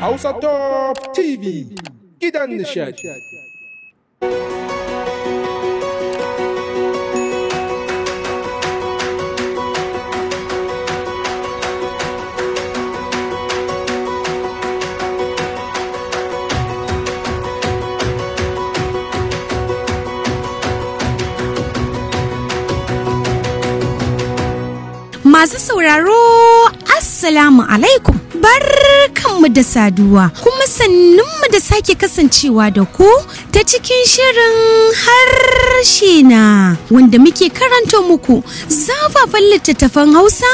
Hausa Top TV gidan nishadi. Masu sauraro, Assalamu alaikum. Bar mu da saduwa kuma mu da sake kasancewa da ku ta cikin shirin harshe na wanda muke karanta muku zafafan littattafan hausa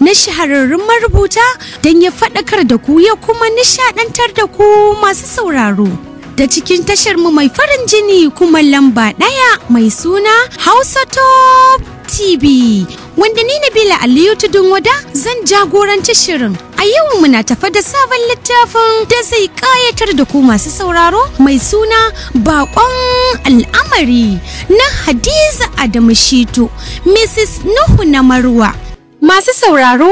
na shahararrun marubuta don ya faɗakar da ku ya kuma nishaɗantar da ku masu sauraro. da cikin tashar mu mai farin jini kuma lamba ɗaya mai suna Hausa Top TV wanda ni Nabila Aliyu Tudun Wada zan jagoranci shirin. A yau muna tafa da sabon littafin da zai ƙayatar da ku masu sauraro mai suna Bakon Al'amari na Hadiza Adamu Shitu, Mrs. Nuhu na Marwa. Masu sauraro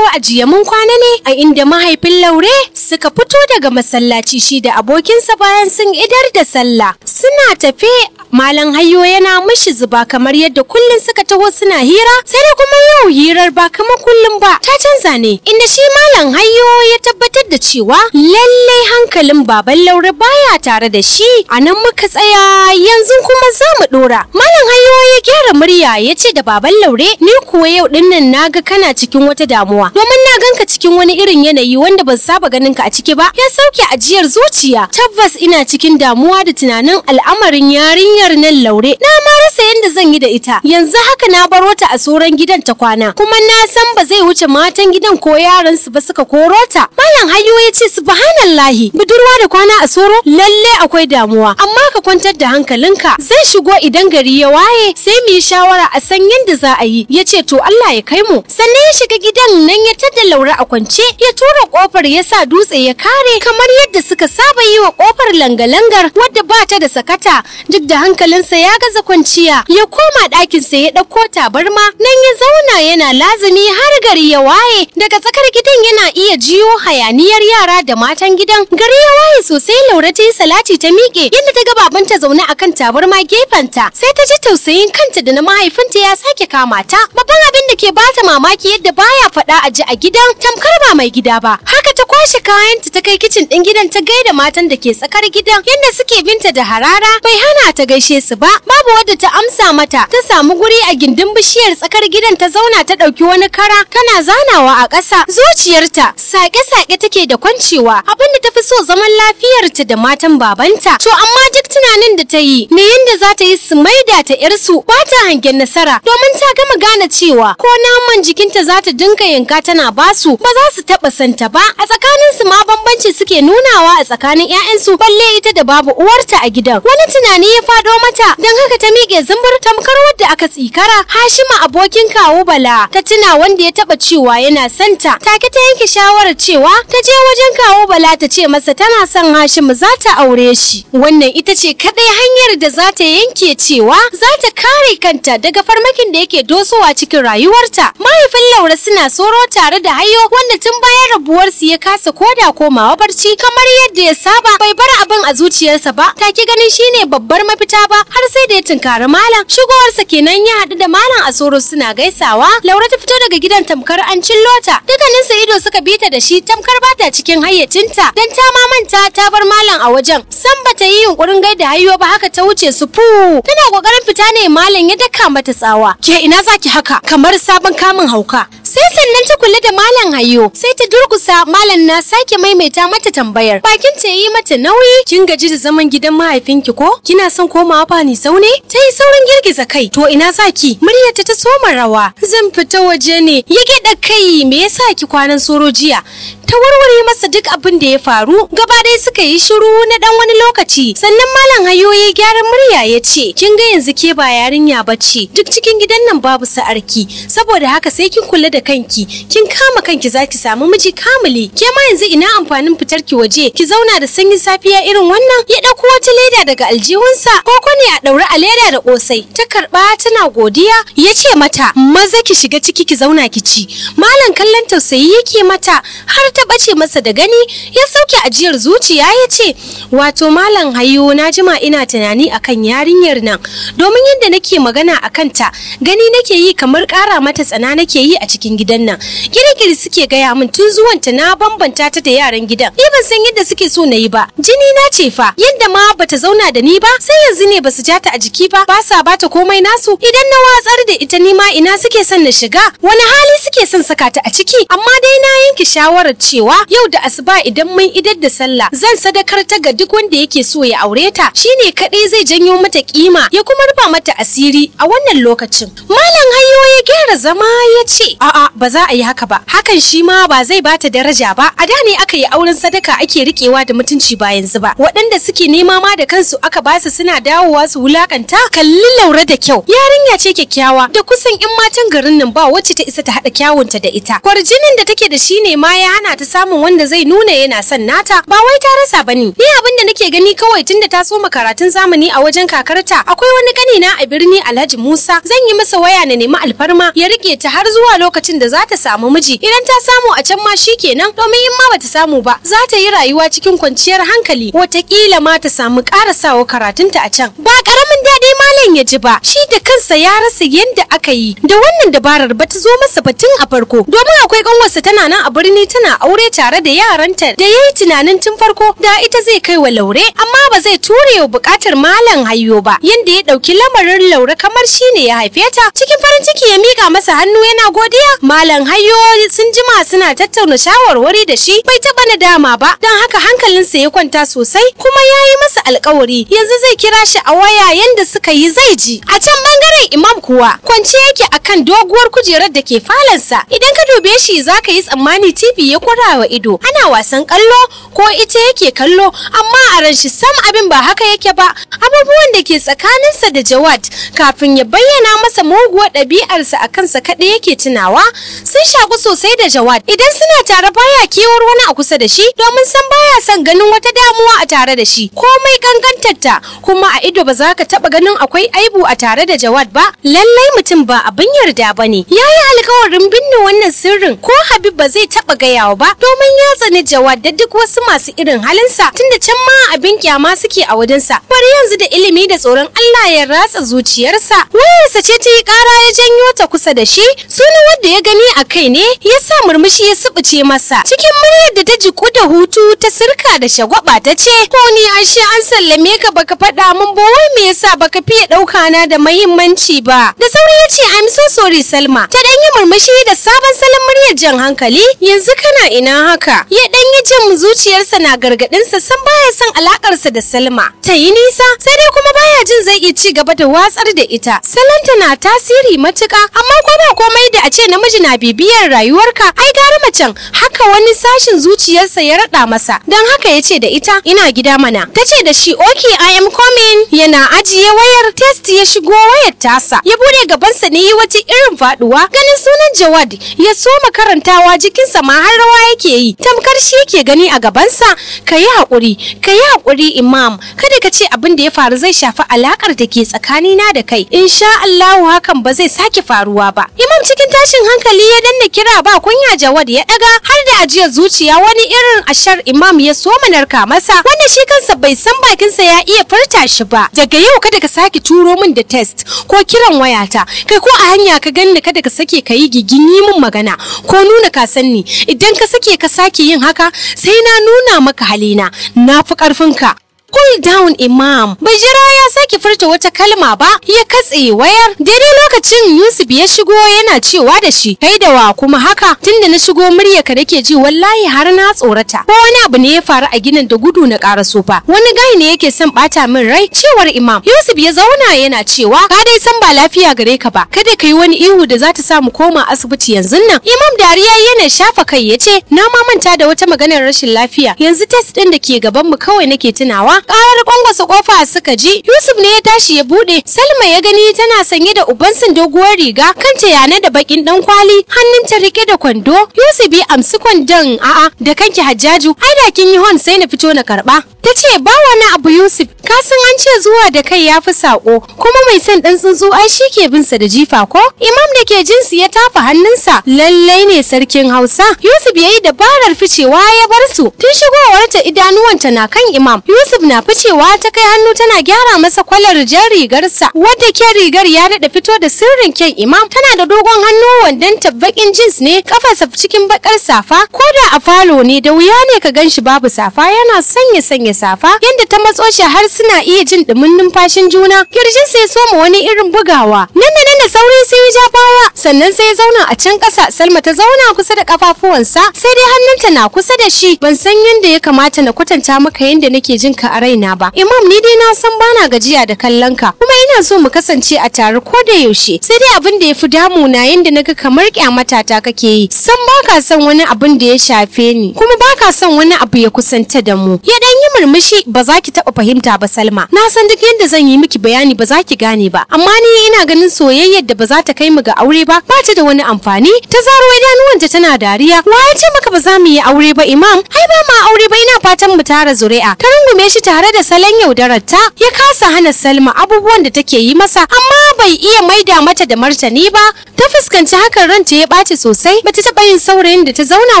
a jiya mun kwana ne a inda mahaifin Laure suka fito daga masallaci shi da abokinsa bayan sun idar da sallah. suna tafe malam hayo yana mishi zuba kamar yadda kullum suka taho suna hira sai da kuma yau hirar ba kamar kullum ba ta canza ne inda shi malam hayo ya tabbatar da cewa lallai hankalin baban laure baya tare da shi a nan muka tsaya yanzu kuma za mu dora malam hayo ya gyara murya ya ce da baban laure ni kuwa yau nan na ga kana cikin wata damuwa domin na ganka cikin wani irin yanayi wanda ban saba ganinka a ciki ba ya sauke ajiyar zuciya tabbas ina cikin damuwa da tunanin al'amarin yarinyar nan laure na ma rasa yadda zan yi da ita yanzu haka na baro ta a tsoron gidan ta kwana kuma na san ba zai wuce matan gidan ko yaran su ba suka koro ta malam hayo ya ce subhanallahi budurwa da kwana a soro lalle akwai damuwa amma ka kwantar da hankalinka Zan shigo idan gari ya waye sai mu yi shawara a san yadda za a yi ya ce to Allah ya kai mu sannan ya shiga gidan nan ya tada laure a kwance ya tura kofar ya sa dutse ya kare kamar yadda suka saba yi wa kofar langalangar wadda ba ta da sakata duk da hankalinsa ya gaza kwanciya ya koma ɗakinsa ya ɗauko tabarma nan ya zauna yana lazumi har gari ya waye daga tsakar gidan yana iya jiyo hayaniyar yara da matan gidan gari ya waye sosai laura ta yi salati ta miƙe yadda ta ga babanta zaune a kan tabarma gefenta sai ta ji tausayin kanta da na mahaifinta ya sake kama ta babban abin da ke bata mamaki yadda baya faɗa a ji a gidan tamkar ba mai gida ba haka ta kwashe kayanta ta kai kicin ɗin gidan ta gaida matan da ke tsakar gidan yadda suke binta da hara rara bai hana ta gaishe su ba babu wadda ta amsa mata ta samu guri a gindin bishiyar tsakar gidan ta zauna ta ɗauki wani kara Kana zanawa a ƙasa zuciyarta saƙe-saƙe take da kwancewa abinda ta fi so zaman lafiyarta da matan babanta to amma duk tunanin da ta yi me yadda za ta yi su maida ta yarsu ba ta hangen nasara domin ta gama gane cewa ko naman jikinta za ta dinka yanka tana basu ba za su taɓa santa ba a tsakaninsu ma bambanci suke nunawa a tsakanin 'ya'yansu balle ita da babu uwarta a gidan wani tunani ya faɗo mata don haka ta miƙe zumbur tamkar wadda aka tsikara hashima abokin kawo bala ta tuna wanda ya taba cewa yana santa take ta yanke shawarar cewa ta je wajen kawo bala ta ce masa tana son Hashima za ta aure shi wannan ita ce kaɗai hanyar da za ta yanke cewa za ta kare kanta daga farmakin da yake dosowa cikin rayuwarta mahaifin laura suna soro tare da hayo wanda tun bayan rabuwarsu ya kasa koda komawa barci kamar yadda ya saba bai bar abin a zuciyarsa ba take gani. shi shine babbar mafita ba har sai da ya tunkari malam shigowarsa kenan ya haɗu da malam a suna gaisawa laura ta fito daga gidan tamkar an lota ta sa ido suka bita da shi tamkar bata cikin hayyacinta dan ta mamanta ta bar malam a wajen san ba ta yi yunkurin gaida hayyo ba haka ta wuce su fu tana kokarin fita ne malam ya daka mata tsawa ke ina zaki haka kamar sabon kamun hauka sai sannan ta kula da malam hayo sai ta durkusa malam na sake maimaita mata tambayar bakin ta yi mata nauyi kin gaji da zaman gidan mahaifinki ko kina son komawa fa ni zaune ta yi saurin girgiza kai to ina zaki muryarta ta soma rawa zan fita waje ne ya gida kai me yasa ki kwanan soro jiya ta warware masa duk abin da ya faru gaba dai suka yi shiru na dan wani lokaci sannan malam hayo ya gyara murya ya ce kin ga yanzu ke ba yarinya bace duk cikin gidan nan babu sa'arki saboda haka sai kin kula da kanki kin kama kanki zaki samu miji kamali ke ma yanzu ina amfanin fitar ki waje ki zauna da sanyi safiya irin wannan ya dauko wata leda daga aljihunsa koko ne a daure a leda da kosai ta karba tana godiya ya ce mata maza ki shiga ciki ki zauna ki ci malam kallon tausayi yake mata har ta ɓace masa da gani ya sauke ajiyar zuciya ya ce wato malam hayo na jima ina tunani akan yarinyar nan domin yadda nake magana a kanta gani nake yi kamar ƙara mata tsana nake yi a cikin gidan nan girgiri suke gaya min tun zuwanta na bambanta ta da yaran gidan ni ban san yadda suke so na yi ba jini na ce fa yadda ma bata zauna da ni ba sai yanzu ne basu ja ta a jiki ba ba sa bata komai nasu idan na watsar da ita ni ma ina suke son na shiga wani hali suke son saka ta a ciki amma dai na yanke shawarar cewa yau da asuba idan mun idar da sallah zan sadakar ta ga duk wanda yake so ya aure ta shine kadai zai janyo mata kima ya kuma rufa mata asiri a wannan lokacin malam hayo ya gyara zama ya ce a'a ba za a yi haka ba hakan shi ma ba zai bata daraja ba a da ne aka yi auren sadaka ake rikewa da mutunci ba yanzu ba waɗanda suke nema ma da kansu aka basu suna dawowa su wulakanta kalli laura da kyau yarinya ce kyakkyawa da kusan in matan garin nan ba wacce ta isa ta haɗa kyawunta da ita kwarjinin da take da shi ne ma ya hana ta samun wanda zai nuna yana son nata ba wai ta rasa bane ni abin da nake gani kawai tun da ta soma karatun zamani a wajen kakarta akwai wani gani na a birni Alhaji Musa zan yi masa waya na nemi alfarma ya rike ta har zuwa lokacin da za ta samu miji idan ta samu a can ma shi kenan, domin in ma bata samu ba za ta yi rayuwa cikin kwanciyar hankali watakila ma ta samu karasawa karatunta a can ba karamin daɗi malam ya ji ba shi da kansa ya rasa yadda aka yi da wannan dabarar ba ta zo masa batun a farko domin akwai ƙanwarsa tana nan a birni tana aure tare da yaranta da yayi tunanin tun farko da ita zai kai wa laure amma ba zai ture wa bukatar malam hayyo ba yanda ya dauki lamarin laure kamar shine ya haife ta cikin farin ciki ya mika masa hannu yana godiya malam hayyo sun jima suna tattauna shawarwari da shi bai taba dama ba don haka hankalinsa ya kwanta sosai kuma ya yi masa alkawari yanzu zai kira shi a waya yanda suka yi zai ji a can bangaren imam kuwa kwance yake akan doguwar kujerar da ke falansa idan ka dube shi zaka yi tsammani tv ya ɗorawa ido ana wasan kallo ko ita yake kallo amma a ran shi sam abin ba haka yake ba abubuwan da ke tsakaninsa da Jawad kafin ya bayyana masa muguwar ɗabi'arsa a kansa kaɗai yake tunawa sun shaku sosai da Jawad idan suna tare baya kewar wani a kusa da shi domin san baya son ganin wata damuwa a tare da shi komai gangantarta kuma a ido ba za ka taɓa ganin akwai aibu a tare da Jawad ba lallai mutum ba abin yarda ba ne ya yi alkawarin binne wannan sirrin ko Habib ba zai taɓa gayawa ba domin ya tsani Jawad da duk wasu masu irin halinsa tunda can ma abin kyama suke a wajensa bari yanzu yanzu da ilimi da tsoron Allah ya ratsa zuciyarsa wayarsa ce ta yi ƙara ya janyo ta kusa da shi sunan wanda ya gani a kai ne ya sa murmushi ya subuce masa cikin muryar da ta jiku da hutu ta sirka da shagwaba ta ce ko ni ashe an sallame ka baka faɗa min ba wai me yasa baka fiye ɗauka na da mahimmanci ba da sauri ya ce I'm so sorry Salma ta ɗan yi murmushi da sabon salon muryar jan hankali yanzu kana ina haka ya dan yi jan zuciyarsa na gargaɗinsa san baya son alakarsa da Salma ta yi nisa sai dai kuma baya jin zai iya ci gaba da watsar da ita salanta na tasiri matuka amma ko ba komai da a ce namiji na bibiyar rayuwarka ai gara macen haka wani sashin zuciyarsa ya rada masa don haka ya ce da ita ina gida mana ta ce da shi okay i am coming yana ajiye wayar test ya shigo wayar tasa ya bude gabansa ne yi wata irin faduwa ganin sunan jawad ya so soma karantawa jikinsa ma har rawa yake yi tamkar shi yake gani a gabansa ka yi haƙuri ka yi haƙuri imam kada ka ce abin da ya faru zai shafi alakar da ke tsakanina da kai insha Allahu hakan ba zai sake faruwa ba imam cikin tashin hankali ya danna kira ba kunya Jawad ya daga har da ajiyar zuciya wani irin ashar imam ya so narka masa wanda shi kansa bai san bakin sa ya iya furta shi ba daga yau kada ka sake turo min da test ko kiran wayata kai ko a hanya ka ganni kada ka sake ka yi gigini min magana ko nuna ka sanni idan ka sake ka sake yin haka sai na nuna maka halina na fi ka cool down imam bai jira ya sake furta wata kalma ba ya katse wayar daidai lokacin yusuf ya shigo yana cewa da shi kai da wa kuma haka tunda na shigo murya ka nake ji wallahi har na tsorata ko wani abu ne ya faru a ginin da gudu na ƙara sofa wani gai ne yake son bata min rai cewar imam yusuf ya zauna yana cewa ka dai san ba lafiya gare ka ba kada ka yi wani ihu da zata ta sa mu koma asibiti yanzu nan imam dariya yana shafa kai ya ce na ma manta da wata maganar rashin lafiya yanzu test ɗin da ke gaban mu kawai nake tunawa karar kwangwasa kofa suka ji Yusuf ne ya tashi ya bude Salma ya gani tana sanye da ubansin doguwar riga kanta yana da bakin dan kwali hannun ta rike da kwando Yusuf ya amsi kwandon a'a da kanki Hajjaju ai da kin yi hon sai na fito na karba ta ce ba wani abu yusuf ka san an ce zuwa da kai ya fi sako kuma mai son ɗan tsuntsu ai shi ke bin sa da jifa ko imam da ke jinsi ya tafa hannunsa lallai ne sarkin hausa yusuf ya yi dabarar ficewa ya bar su tun shigowarta idanuwanta na kan imam yusuf na ficewa ta kai hannu tana gyara masa kwalar jan rigarsa wadda ke rigar ya daɗa fito da sirrin kyan imam tana da dogon hannu wandon tabbakin jins ne kafarsa cikin bakar safa ko da a falo ne da wuya ne ka gan shi babu safa yana sanya sanya safa yadda ta matso shi har suna iya jin dumin numfashin juna kirjin sai soma wani irin bugawa nan da nan da sauri sai ya ja baya sannan sai ya zauna a can kasa Salma ta zauna kusa da kafafuwansa sai dai hannunta na kusa da shi ban san yadda ya kamata na kwatanta maka yadda nake jin ka a raina ba Imam ni dai na san bana gajiya da kallon ka kuma ina so mu kasance a tare ko da yaushe sai dai abin da ya fi damuna yadda naga kamar kyamata ta kake yi san baka san wani abin da ya shafe ni kuma ba ka son wani abu ya kusanta da mu ya dan yi murmushi ba za ki taba fahimta ba salma na san duk yadda zan yi miki bayani ba za ki gane ba amma ni ina ganin soyayyar da ba za ta kai mu ga aure ba ba ta da wani amfani ta zaro idanuwanta tana dariya wa ya ce maka ba za mu yi aure ba imam ai ba ma aure ba ina fatan mu tara zuri'a ta rungume shi tare da salon yaudarar ta ya kasa hana salma abubuwan da take yi masa amma bai iya maida mata da martani ba ta fuskanci hakan ranta ya ɓaci sosai bata taɓa yin saurayin da ta zauna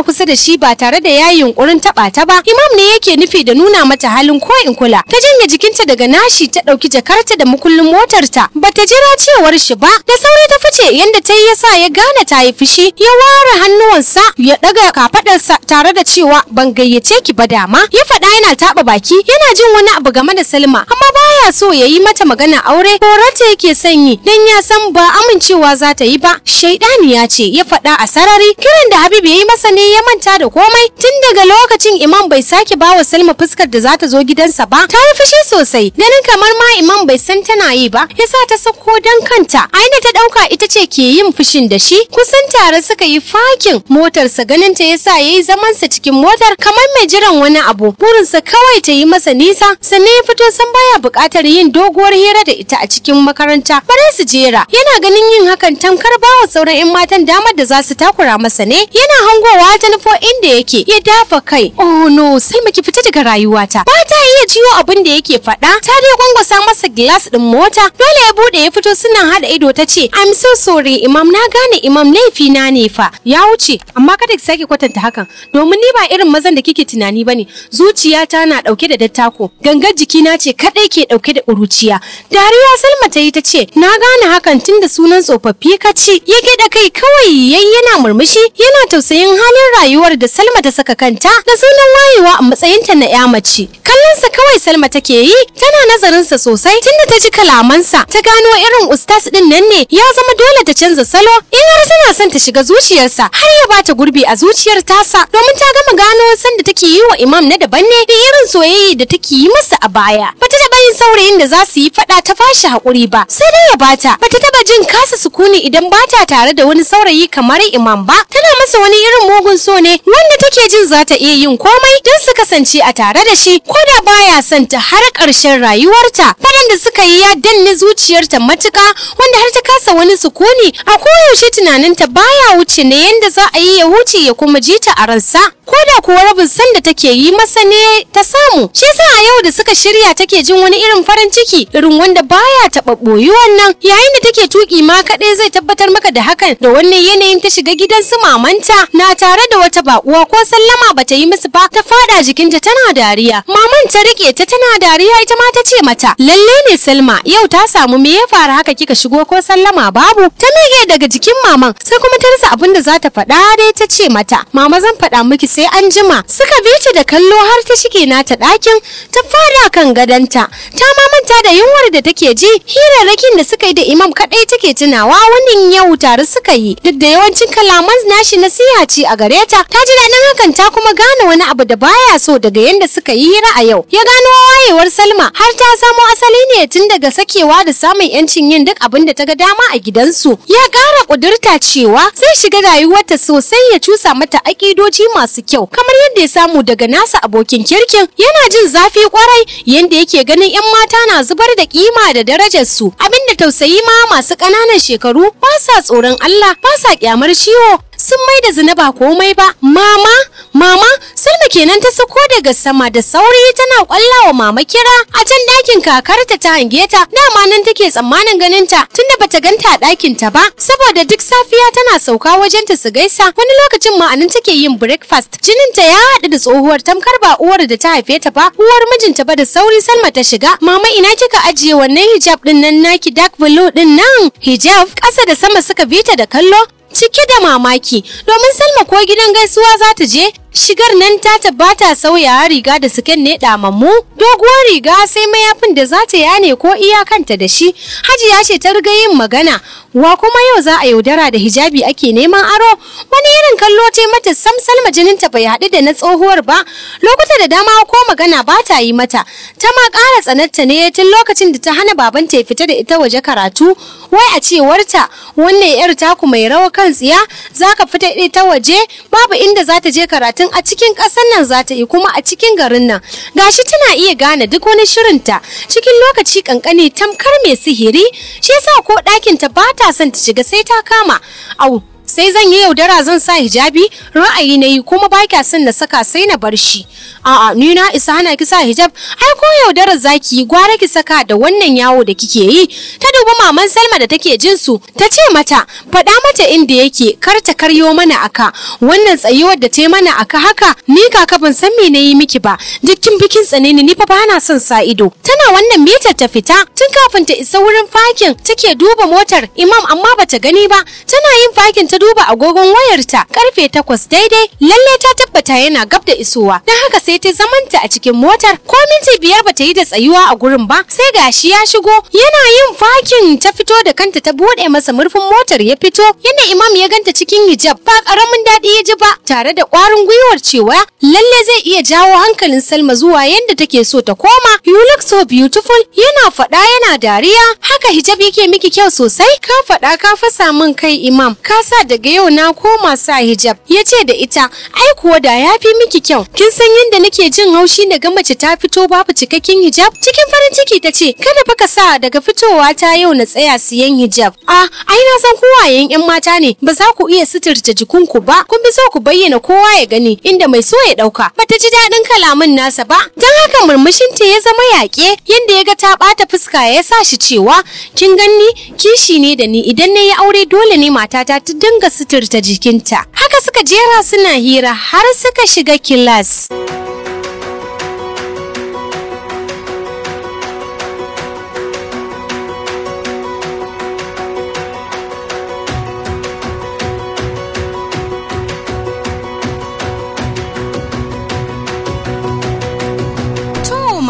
kusa da shi ba tare da yayi yunkurin taba ta ba imam ne yake nufi da nuna mata halin ko in kula ta janye jikinta daga nashi ta dauki jakarta da mukullin motarta bata jira cewar shi ba da sauri ta fice yanda ta yi yasa ya gane ta yi fishi ya ware hannuwansa ya daga kafadarsa tare da cewa ban gayyace ki ba dama ya faɗa yana taba baki yana jin wani abu game da Salma amma ba baya so ya yi mata magana aure korata yake son yi dan ya san ba amincewa za ta yi ba shaidani ya ce ya faɗa a sarari kiran da Habib ya yi masa ne ya manta da komai tun daga lokacin Imam bai sake bawa Salma fuskar da za ta zo gidansa ba ta yi fushi sosai ganin kamar ma Imam bai san tana yi ba Ya sa ta sako dan kanta aina ta ɗauka ita ce ke yin fushin da shi kusan tare suka yi fakin motarsa ganin ta yi zaman zamansa cikin motar kamar mai jiran wani abu burinsa kawai ta yi masa nisa sannan ya fito san baya buƙatar buƙatar yin doguwar hira da ita a cikin makaranta bare su jera yana ganin yin hakan tamkar wa sauran 'yan matan damar da za su takura masa ne yana hangowa ta nufo inda yake ya dafa kai oh no sai maki fita daga rayuwata ba ta iya jiyo abin da yake faɗa ta dai gwangwasa masa gilas ɗin mota dole ya buɗe ya fito suna haɗa ido ta ce I'm so sorry imam na gane imam laifi na ne fa ya wuce amma kada ki sake kwatanta hakan domin ni ba irin mazan da kike tunani bane zuciyata na ɗauke da dattako gangar jikina ce kaɗai ke dauke da ƙuruciya. Dariya Salma ta yi ta ce, na gane hakan tun da sunan tsofaffi ka ce, Ya gida kai kawai yayi yana murmushi yana tausayin halin rayuwar da Salma ta saka kanta da sunan wayewa a matsayin ta na ya mace. Kallonsa kawai Salma take yi tana nazarinsa sosai tunda ta ji kalamansa ta gano irin ustas ɗin nan ne ya zama dole ta canza salo in har tana son ta shiga zuciyarsa har ya bata gurbi a zuciyar tasa domin ta gama gano san da take yi wa imam na daban ne da irin soyayya da take yi masa a baya. Bata saurayin da za su yi fada ta fashi haƙuri ba sai dai ya bata ba ta taba jin kasa sukuni idan bata tare da wani saurayi kamar imam ba tana masa wani irin mugun so ne wanda take jin za ta iya yin komai don su kasance a tare da shi ko da baya son ta har karshen rayuwarta faɗan da suka yi ya danne zuciyarta matuka wanda har ta kasa wani sukuni a koyaushe tunaninta baya wuce ne yanda za a yi ya wuce ya kuma ji ta a ransa ko da kuwa rabin san da take yi masa ne ta samu shi yasa a yau da suka shirya take jin wani irin farin ciki irin wanda baya taɓa ɓoyuwan wannan yayin da take tuki ma kaɗai zai tabbatar maka da hakan da wannan yanayin ta shiga gidan su mamanta na tare da wata bakuwa ko sallama ba ta yi musu ba ta faɗa jikinta tana dariya maman ta rike ta tana dariya ita ma ta ce mata lalle ne Salma yau ta samu me ya faru haka kika shigo ko sallama babu ta mege daga jikin maman sai kuma ta rasa abin da za ta faɗa dai ta ce mata mama zan faɗa miki sai an jima suka bi ta da kallo har ta shige ta ɗakin ta fara kan gadonta ta ma manta da yunwar da take ji hirarrakin da suka yi da imam kaɗai take tunawa wannan yau tare suka yi duk da yawancin kalaman nashi nasiha ce a gare ta ta ji daɗin hakan ta kuma gane wani abu da baya so daga yadda suka yi hira a yau ya gano wayewar salma har ta samo asali ne tun daga sakewa da samun yancin yin duk abin da ta ga dama a gidansu ya kara ƙudurta cewa zai shiga rayuwarta sosai ya cusa mata aƙidoji masu kyau kamar yadda ya samu daga nasa abokin kirkin yana jin zafi kwarai yadda yake ganin 'yan 'yan mata na zubar da kima da darajar darajarsu abinda tausayi ma masu ƙananan shekaru ba sa tsoron Allah ba sa kyamar ciwo sun mai da zina ba komai ba mama mama salma kenan ta sako daga sama da sauri tana kwallawa mama kira a can dakin kakarta ta hange ta dama nan take tsammanin ganin ta tunda bata ganta a dakin ta ba saboda duk safiya tana sauka wajen ta su gaisa wani lokacin ma anan take yin breakfast jinin ta ya haɗu da tsohuwar tamkar ba uwar da ta haife ta ba uwar mijinta ba da sauri salma ta shiga mama ina kika ajiye wannan hijab din nan naki dark blue din nan hijab ƙasa da sama suka bi da kallo cike da mamaki domin Salma ko gidan gaisuwa za ta je Shigar nan ta tabbata sauya riga da suken ne mu. doguwar riga sai mayafin da za ta yane ko iya kanta da shi, hajiya ce ta riga yin magana, wa kuma yau za a yaudara da hijabi ake neman aro, wani irin kallo ce mata sam salma jininta bai haɗu da na tsohuwar ba, lokuta da dama ko magana ba ta yi mata, ta ma ƙara tsanarta ne tun lokacin da ta hana babanta ya fita da ita waje karatu, wai a cewarta wannan 'yar taku mai rawa kan tsiya, za ka fita ita waje babu inda za ta je karatu talatin a cikin ƙasar nan za ta yi kuma a cikin garin nan gashi tana iya gane duk wani shirinta cikin lokaci ƙanƙani, tamkar mai sihiri shi yasa ko ɗakin ta ba ta son ta shiga sai ta kama au sai zan yi yaudara zan sa hijabi ra'ayi na yi kuma ba kya son na saka sai na bar shi a'a ni na isa hana ki sa hijab ai ko yaudarar zaki gwara ki saka da wannan yawo da kike yi ta dubi maman Salma da take jin su ta ce mata faɗa mata inda yake kar ta karyo mana aka wannan tsayuwar da ta yi mana aka haka ni kaka ban san me yi miki ba Dukkin bikin tsane ni ni fa bana son sa ido tana wannan mitar ta fita tun kafin ta isa wurin fakin take duba motar imam amma bata gani ba tana yin fakin ta duba agogon wayarta karfe takwas daidai lalle ta tabbata yana gab da isowa dan haka sai sai ta zamanta a cikin motar ko minti biyar ta yi da tsayuwa a gurin ba sai gashi ya shigo yana yin fakin ta fito da kanta ta buɗe masa murfin motar ya fito yana imam ya ganta cikin hijab ba karamin daɗi ya ji ba tare da ƙwarin gwiwar cewa lalle zai iya jawo hankalin Salma zuwa yadda take so ta koma you look so beautiful yana faɗa yana dariya haka hijab yake miki kyau sosai ka faɗa ka fasa min kai imam ka sa daga yau na koma sa hijab ya ce da ita ai kuwa da ya fi miki kyau kin san yadda nake jin haushi na ga mace ta fito babu cikakken hijab cikin farin ciki ta ce kada fa ka sa daga fitowa ta yau na tsaya siyan hijab Ah, ai na san kowayen yan mata ne ba za ku iya suturta jikunku ba kun fi so ku bayyana kowa ya gani inda mai so ya dauka bata ji daɗin kalamin nasa ba don haka murmushin ta ya zama yaƙe yanda ya ga ta ɓata fuska ya sa shi cewa kin ganni kishi ne da ni idan na yi aure dole ne matata ta dinga suturta jikinta haka suka jera suna hira har suka shiga kilas.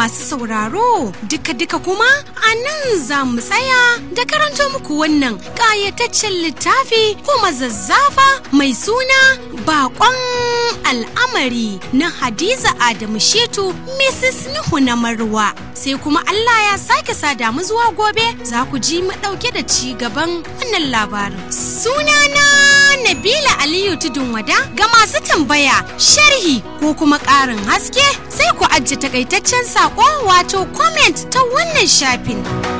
masu sauraro duka-duka kuma a nan za mu tsaya da karanto muku wannan ƙayataccen littafi kuma zazzafa mai suna bakon al'amari na hadiza adamu shetu mrs nuhu na marwa sai kuma allah ya sake sada mu zuwa gobe za ku ji mu ɗauke da ci gaban wannan labarin sunana Nabila Aliyu Tudun Wada ga masu tambaya, sharhi ko kuma ƙarin haske sai ku ajiye takaitaccen saƙo wato comment ta wannan shafin.